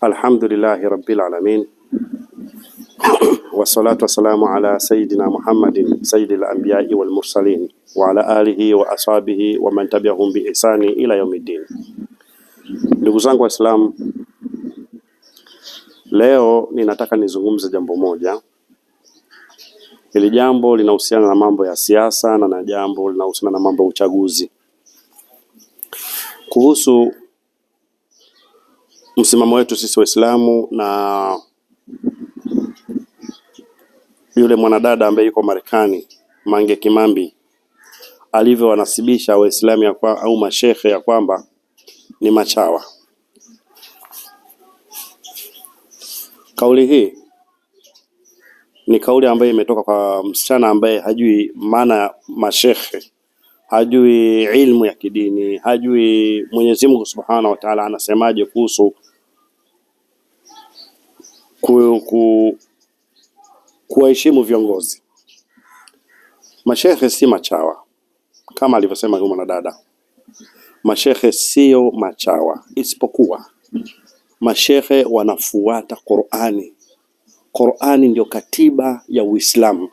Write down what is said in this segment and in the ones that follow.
Alhamdulillahi rabbil alamin wassalatu wassalamu ala sayidina Muhammadin sayyidil anbiya'i wal mursalin wa ala alihi wa ashabihi wa man tabi'ahum bi ihsani ila yaumiddin. Ndugu zangu Waislamu, leo ninataka nizungumze jambo moja. Hili jambo linahusiana na mambo ya siasa na na jambo linahusiana na mambo ya uchaguzi kuhusu msimamo wetu sisi Waislamu na yule mwanadada ambaye yuko Marekani Mange Kimambi alivyowanasibisha Waislamu au mashekhe ya kwamba ni machawa. Kauli hii ni kauli ambayo imetoka kwa msichana ambaye hajui maana ya mashekhe, hajui ilmu ya kidini, hajui Mwenyezi Mungu Subhanahu wa Ta'ala anasemaje kuhusu kuwaheshimu viongozi. Mashehe si machawa kama alivyosema huyu mwanadada, mashehe sio machawa, isipokuwa mashehe wanafuata Qur'ani. Qur'ani ndio katiba ya Uislamu.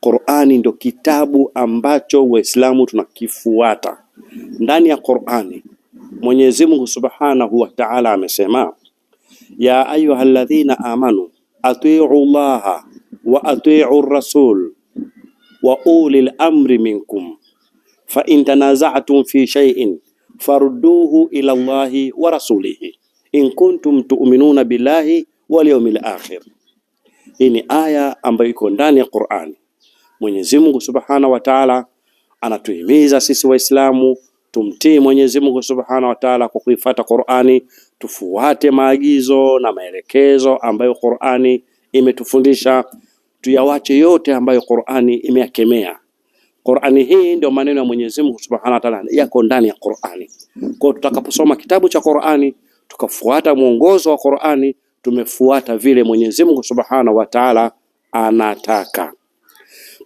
Qur'ani ndio kitabu ambacho Waislamu tunakifuata. Ndani ya Qur'ani Mwenyezi Mungu Subhanahu wa Ta'ala amesema ya ayuha alladhina amanu atiu llaha wa atiu rasul wa ulil amri minkum fa in tanaza'tum fi shay'in farudduhu ila Allahi wa rasulihi in kuntum tu'minuna billahi wal yawmil akhir. Hii ni aya ambayo iko ndani ya Qur'ani. Mwenyezi Mungu Subhanahu wa Ta'ala anatuhimiza sisi Waislamu tumtii Mwenyezi Mungu Subhanahu wa Ta'ala kwa kuifata Qur'ani, tufuate maagizo na maelekezo ambayo Qur'ani imetufundisha, tuyawache yote ambayo Qur'ani imeyakemea. Qur'ani hii ndio maneno ya Mwenyezi Mungu Subhanahu wa Ta'ala yako ndani ya Qur'ani. Kwa tutakaposoma kitabu cha Qur'ani tukafuata mwongozo wa Qur'ani, tumefuata vile Mwenyezi Mungu Subhanahu wa Ta'ala anataka.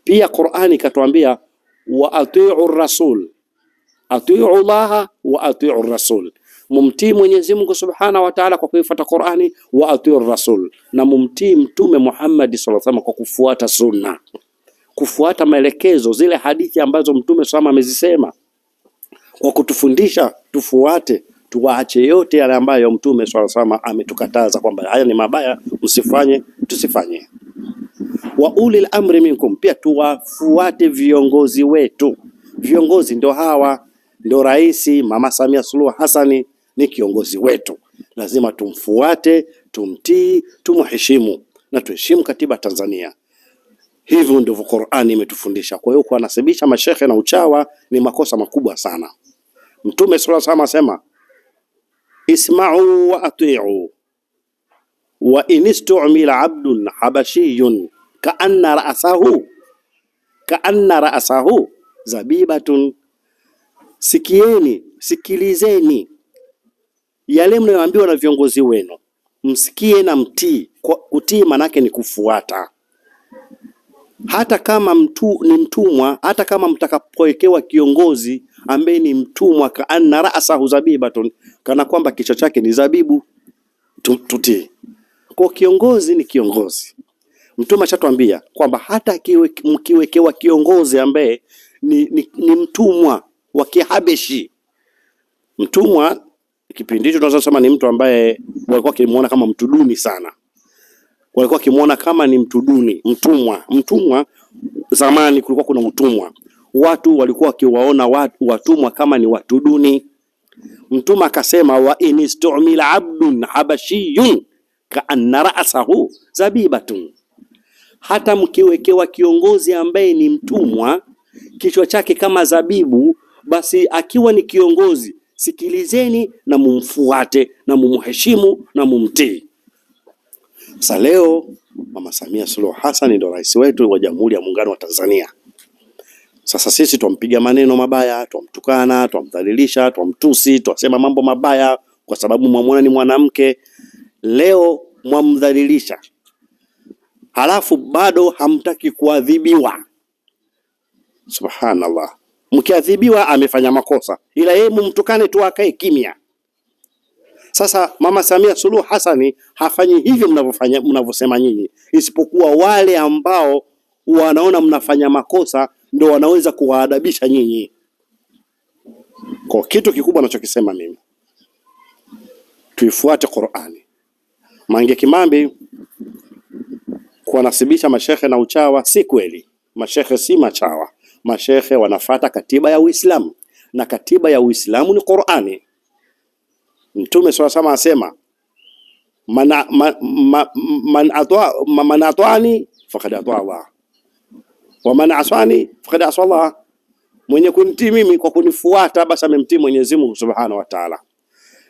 Pia Qur'ani ikatuambia wa atiu rasul atiu llaha wa atiu rasul, mumtii Mwenyezi Mungu subhanahu wa Ta'ala kwa kuifuata Qur'ani, wa atiu rasul, na mumtii Mtume Muhammad sallallahu alaihi wasallam kwa kufuata sunna, kufuata maelekezo, zile hadithi ambazo Mtume sallallahu amezisema kwa kutufundisha tufuate, tuwaache yote yale ambayo Mtume sallallahu alaihi wasallam ametukataza kwamba haya ni mabaya, msifanye, tusifanye. Wa ulil amri minkum, pia tuwafuate viongozi wetu. Viongozi ndio hawa ndio rais Mama Samia Suluhu Hassan ni kiongozi wetu, lazima tumfuate, tumtii, tumheshimu na tuheshimu katiba ya Tanzania. Hivyo ndivyo Qur'ani imetufundisha. Kwa hiyo kuwanasibisha mashehe na uchawa ni makosa makubwa sana. Mtume sallallahu alaihi asema isma'u wa ati'u wa inistumila abdun habashiyun kaanna ra'sahu kaanna raasahu zabibatun Sikieni, sikilizeni yale mnayoambiwa na viongozi wenu, msikie na mtii. Kutii manake ni kufuata, hata kama mtu ni mtumwa, hata kama mtakapowekewa kiongozi ambaye ni mtumwa, kaanna rasahu zabibatun, kana kwamba kichwa chake ni zabibu. Tutii kwa kiongozi, ni kiongozi. Mtume ashatwambia kwamba hata mkiwekewa kiongozi ambaye ni, ni, ni mtumwa wa Kihabeshi. Mtumwa kipindi hicho tunaweza kusema ni mtu ambaye walikuwa wakimwona kama mtu duni sana, walikuwa wakimwona kama ni mtu duni, mtumwa. Mtumwa zamani kulikuwa kuna utumwa, watu walikuwa wakiwaona watu watumwa kama ni watu duni. Mtumwa akasema, wa inistumila abdun habashiyun kaanna rasahu zabibatun, hata mkiwekewa kiongozi ambaye ni mtumwa kichwa chake kama zabibu basi akiwa ni kiongozi sikilizeni na mumfuate na mumheshimu na mumtii. Sasa leo Mama Samia Suluhu Hassan ndo rais wetu wa Jamhuri ya Muungano wa Tanzania. Sasa sisi twampiga maneno mabaya, twamtukana, twamdhalilisha, twamtusi, twasema mambo mabaya kwa sababu mwamwona ni mwanamke. Leo mwamdhalilisha, halafu bado hamtaki kuadhibiwa. Subhanallah mkiadhibiwa amefanya makosa, ila yeye mumtukane tu akae kimya. Sasa Mama Samia Suluhu Hassan hafanyi hivyo mnavyofanya mnavyosema nyinyi, isipokuwa wale ambao wanaona mnafanya makosa ndio wanaweza kuwaadabisha nyinyi. Kwa kitu kikubwa anachokisema mimi, tuifuate Qur'ani. Mange Kimambi kuwanasibisha mashehe na uchawa si kweli, mashehe si machawa mashekhe wanafata katiba ya Uislamu na katiba ya Uislamu ni Qur'ani. Mtume swalla sama asema man, man, man, man atwani faqad atwa Allah wa man aswani faqad aswa Allah, mwenye kunitii mimi kwa kunifuata basi amemtii Mwenyezi Mungu Subhanahu wa Ta'ala,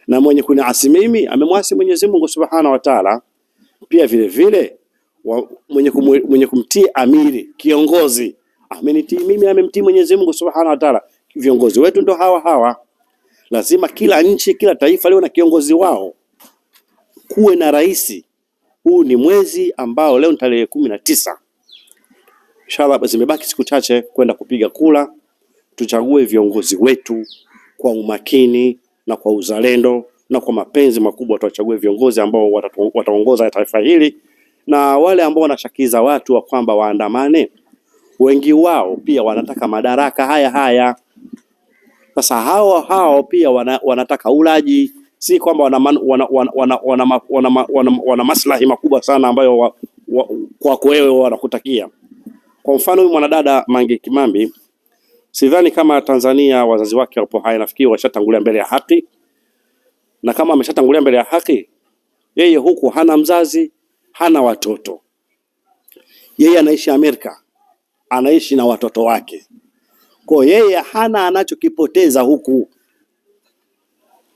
na mwenye kuniasi mimi amemwasi Mwenyezi Mungu Subhanahu wa Ta'ala. Pia vile vile mwenye, mwenye kumtii amiri kiongozi amenitii mimi, amemtii Mwenyezi Mungu Subhanahu wa Ta'ala. Viongozi wetu ndo hawa hawa. Lazima kila nchi, kila taifa leo na kiongozi wao, kuwe na rais. Huu ni mwezi ambao leo ni tarehe kumi na tisa. Inshallah, zimebaki siku chache kwenda kupiga kula, tuchague viongozi wetu kwa umakini na kwa uzalendo na kwa mapenzi makubwa. Tuwachague viongozi ambao wataongoza taifa hili, na wale ambao wanashakiza watu wa kwamba waandamane wengi wao pia wanataka madaraka haya haya. Sasa hao hao pia wana, wanataka ulaji, si kwamba wana, wana, wana, wana, wana, wana, wana, wana maslahi makubwa sana ambayo wa, wa, kwako wewe wanakutakia. Kwa mfano huyu mwanadada Mange Kimambi, sidhani kama Tanzania wazazi wake wapo hai, nafikiri washatangulia mbele ya haki, na kama ameshatangulia mbele ya haki, yeye huku hana mzazi, hana watoto, yeye anaishi Amerika anaishi na watoto wake, kwa yeye hana anachokipoteza huku,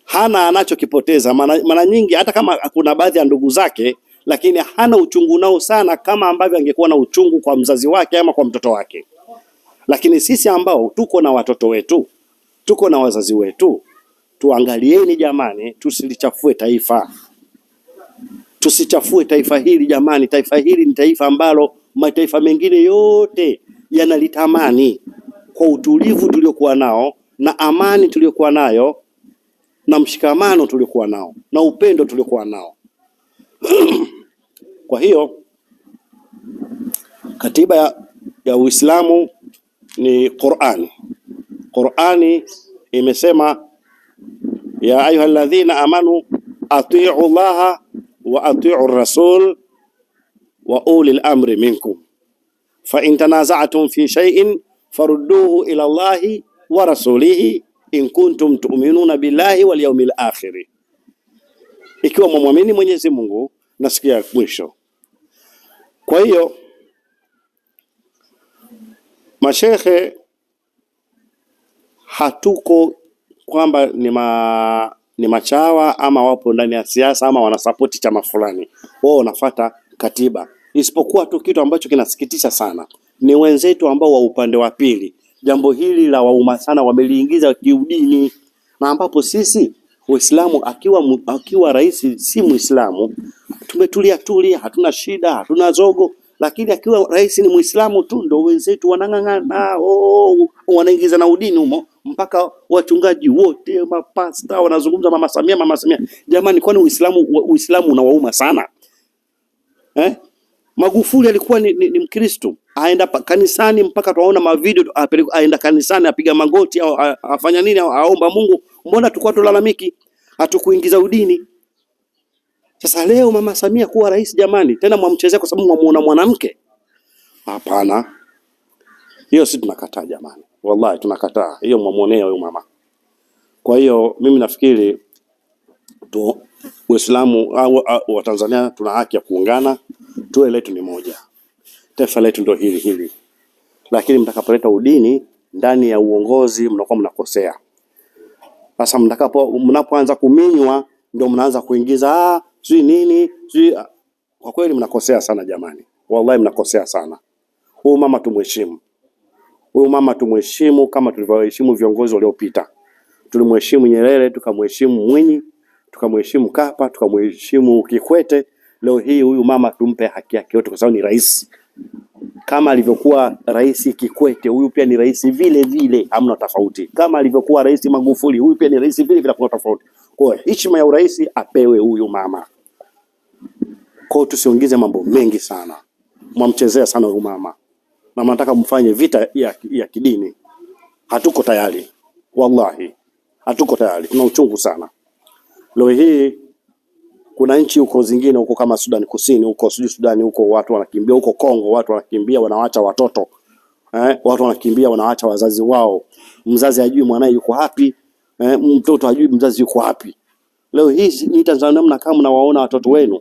hana anachokipoteza. Mara nyingi hata kama kuna baadhi ya ndugu zake, lakini hana uchungu nao sana kama ambavyo angekuwa na uchungu kwa mzazi wake ama kwa mtoto wake. Lakini sisi ambao tuko na watoto wetu, tuko na wazazi wetu, tuangalieni jamani, tusilichafue taifa, tusichafue taifa hili jamani. Taifa hili ni taifa ambalo mataifa mengine yote yanalitamani kwa utulivu tuliokuwa nao na amani tuliokuwa nayo na mshikamano tuliokuwa nao na upendo tuliokuwa nao. Kwa hiyo katiba ya, ya Uislamu ni Qur'ani. Qur'ani imesema ya ayuha alladhina amanu atiu llaha wa atiu rasul wa ulil amri minkum fa in tanaza'tum fi shay'in farudduhu ila Allahi wa rasulihi in kuntum tu'minuna billahi wal yawmil akhir, ikiwa mwamwamini Mwenyezi Mungu na siku ya mwisho. Kwa hiyo mashekhe, hatuko kwamba ni ma, ni machawa ama wapo ndani ya siasa ama wanasapoti chama fulani, wao wanafuata katiba, isipokuwa tu kitu ambacho kinasikitisha sana ni wenzetu ambao wa upande wa pili jambo hili la wauma sana wameliingiza kiudini, na ambapo sisi Uislamu akiwa, akiwa rais si Muislamu tumetulia tulia, hatuna shida, hatuna zogo, lakini akiwa rais ni Muislamu tu ndo wenzetu wanang'ang'ana, oh, wanaingiza na udini humo, mpaka wachungaji wote mapasta wanazungumza mama Samia, mama Samia. Jamani, kwani Uislamu Uislamu unawauma sana? eh? Magufuli alikuwa ni, ni, ni Mkristo, aenda kanisani mpaka tunaona mavideo, aenda kanisani apiga magoti au afanya nini au aomba Mungu. Mbona tulikuwa tulalamiki hatukuingiza udini? Sasa leo mama Samia kuwa rais, jamani, tena mwamchezea kwa sababu mwamuona mwanamke? Hapana, hiyo si tunakataa jamani, wallahi tunakataa hiyo, mwamuonea huyo mama. Kwa hiyo mimi nafikiri Uislamu au Watanzania tuna haki ya kuungana, tuwe letu ni moja, taifa letu ndio hili hili. Lakini mtakapoleta udini ndani ya uongozi, mnakuwa mnakosea. Sasa mtakapo mnapoanza kuminywa, ndio mnaanza kuingiza ah, sijui nini sijui. Kwa kweli mnakosea sana jamani, wallahi mnakosea sana. Huyu mama tumheshimu, huyu mama tumheshimu kama tulivyoheshimu viongozi waliopita. Tulimheshimu Nyerere, tukamheshimu Mwinyi tukamheshimu Kapa, tukamheshimu Kikwete. Leo hii huyu mama tumpe haki yake yote, kwa sababu ni rais kama alivyokuwa rais Kikwete, huyu pia ni rais vile vile, hamna tofauti. Kama alivyokuwa rais Magufuli, huyu pia ni rais vile vile, hakuna tofauti. Kwa hiyo heshima ya urais apewe huyu mama. Kwa hiyo tusiongeze mambo mengi sana, mwamchezea sana huyu mama na mnataka mfanye vita ya, ya kidini. Hatuko tayari, wallahi hatuko tayari, tuna uchungu sana. Leo hii kuna nchi huko zingine huko kama Sudan Kusini huko sijui Sudani huko watu wanakimbia, huko Kongo watu wanakimbia wanawacha watoto eh, watu wanakimbia wanawacha wazazi wao, mzazi ajui mwanae yuko hapi eh, mtoto ajui mzazi yuko wapi. Leo hii ni Tanzania, kama mnawaona watoto wenu,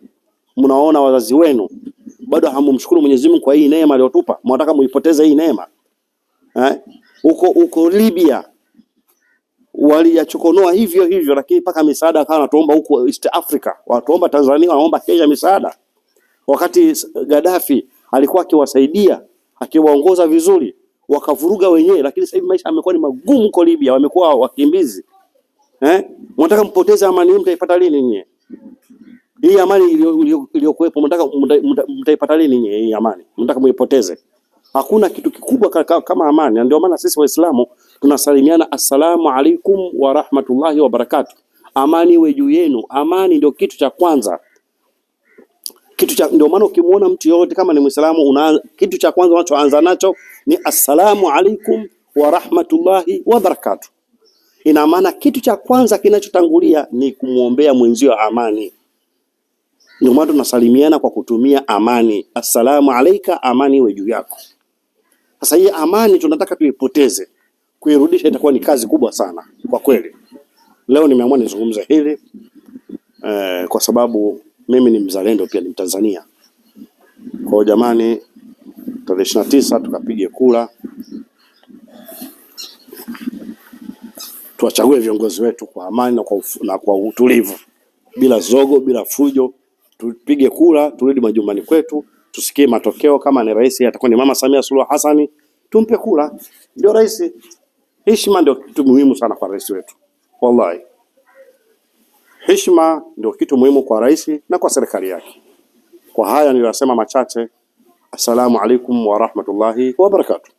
mnawaona wazazi wenu, bado hamumshukuru Mwenyezi Mungu kwa hii neema aliyotupa, Mwataka muipoteze hii neema eh? huko Libya waliyachokonoa hivyo hivyo, lakini mpaka misaada akawa anatuomba huko East Africa, watuomba Tanzania, wanaomba Kenya misaada, wakati Gaddafi alikuwa akiwasaidia akiwaongoza vizuri, wakavuruga wenyewe. Lakini sasa hivi maisha yamekuwa ni magumu kwa Libya, wamekuwa wakimbizi eh. Mnataka mpoteze amani, mtaipata lini nyie? Hii amani iliyokuwepo mnataka mtaipata lini nyie? Hii amani mnataka muipoteze. Hakuna kitu kikubwa kama amani, na ndio maana sisi Waislamu tunasalimiana assalamu alaikum wa rahmatullahi wa barakatuh, amani iwe juu yenu. Amani ndio kitu cha kwanza, kitu cha ndio maana ukimuona mtu yoyote kama ni Muislamu una, kitu cha kwanza unachoanza nacho ni assalamu alaikum wa rahmatullahi wa barakatuh. Ina maana kitu cha kwanza kinachotangulia ni kumuombea mwenzio amani. Ndio maana tunasalimiana kwa kutumia amani, assalamu alaika, amani iwe juu yako. Sasa hii amani tunataka tuipoteze, kuirudisha itakuwa ni kazi kubwa sana kwa kweli. Leo nimeamua nizungumze hili eh, kwa sababu mimi ni mzalendo pia ni Mtanzania. Kwa hiyo jamani, tarehe ishirini na tisa tukapige kura, tuwachague viongozi wetu kwa amani na kwa, na kwa utulivu, bila zogo, bila fujo. Tupige kura, turudi majumbani kwetu, tusikie matokeo. Kama ni rais atakuwa ni Mama Samia Suluhu Hassani, tumpe kula. Ndio rais, heshima ndio kitu muhimu sana kwa rais wetu, wallahi, heshima ndio kitu muhimu kwa rais na kwa serikali yake. Kwa haya niliyosema machache, assalamu alaikum wa rahmatullahi wa barakatuh.